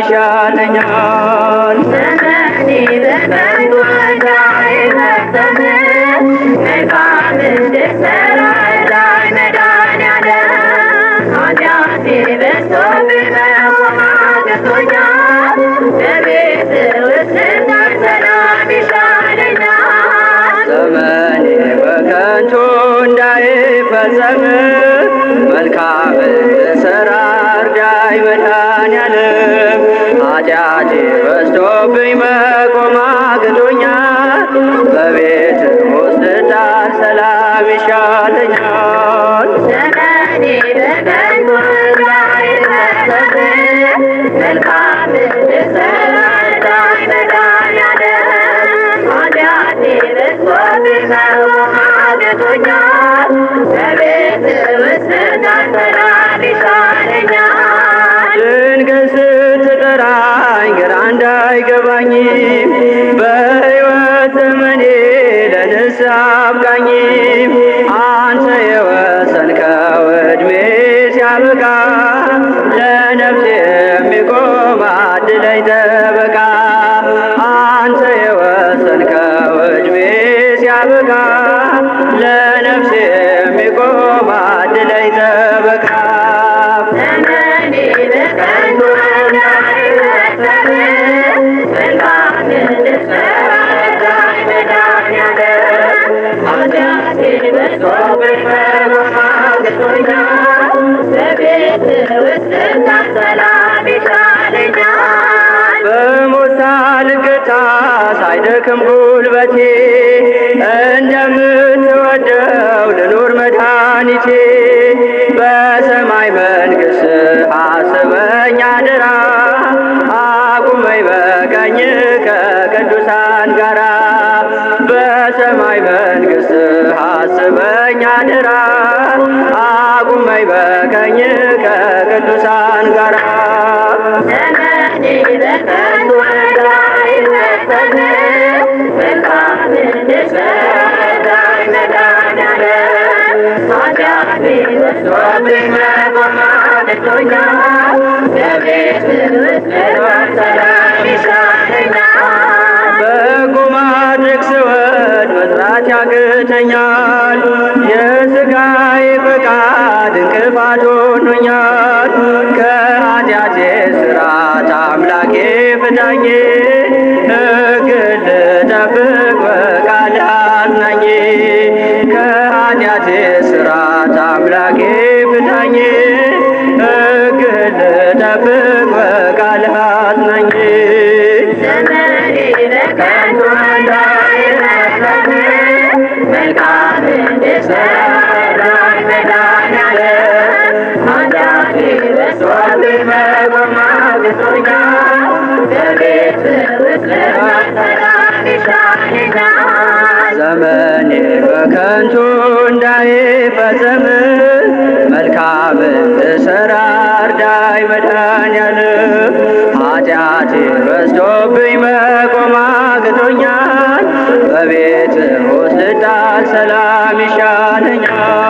ይሻለኛል ዘመኔ በከንቱ እንዳይፈጸም መልካም ኃጢአቴ በዝቶብኝ መቆም አቅቶኛል። በቤት ውስጥ ዳር ሰላም ይሻለኛል። ዘመኔ በቀን መልካም ኃጢአቴ በሕይወት ዘመኔ ለንስሐ አብቃኝ አንተ የወሰንከው ዕድሜ ሲያበቃ ለነፍሴ የሚቆም አድለኝ ጠበቃ አንተ የወሰንከው ዕድሜ ሲያበቃ ለነፍሴ የሚቆም አድለኝ ጠበቃ ሳይደክም ጉልበቴ እንደምትወደው ልኑር መድኃኒቴ በሰማይ መንግስ አስበኝ አደራ አቁመኝ በቀኝ ከቅዱሳን ጋራ በሰማይ መንግስ አስበኝ አደራ አቁመኝ በቀኝ ከቅዱሳን ጋራ በቁማር ስወድ መጥራት ያቅተኛ ዘመኔ በከንቱ እንዳይፈጸም መልካም እንድሠራ እርዳኝ መድኃኔዓለም። ኃጢአቴ በዝቶብኝ መቆም በቤት ውስጥ ሰላም ይሻለኛል።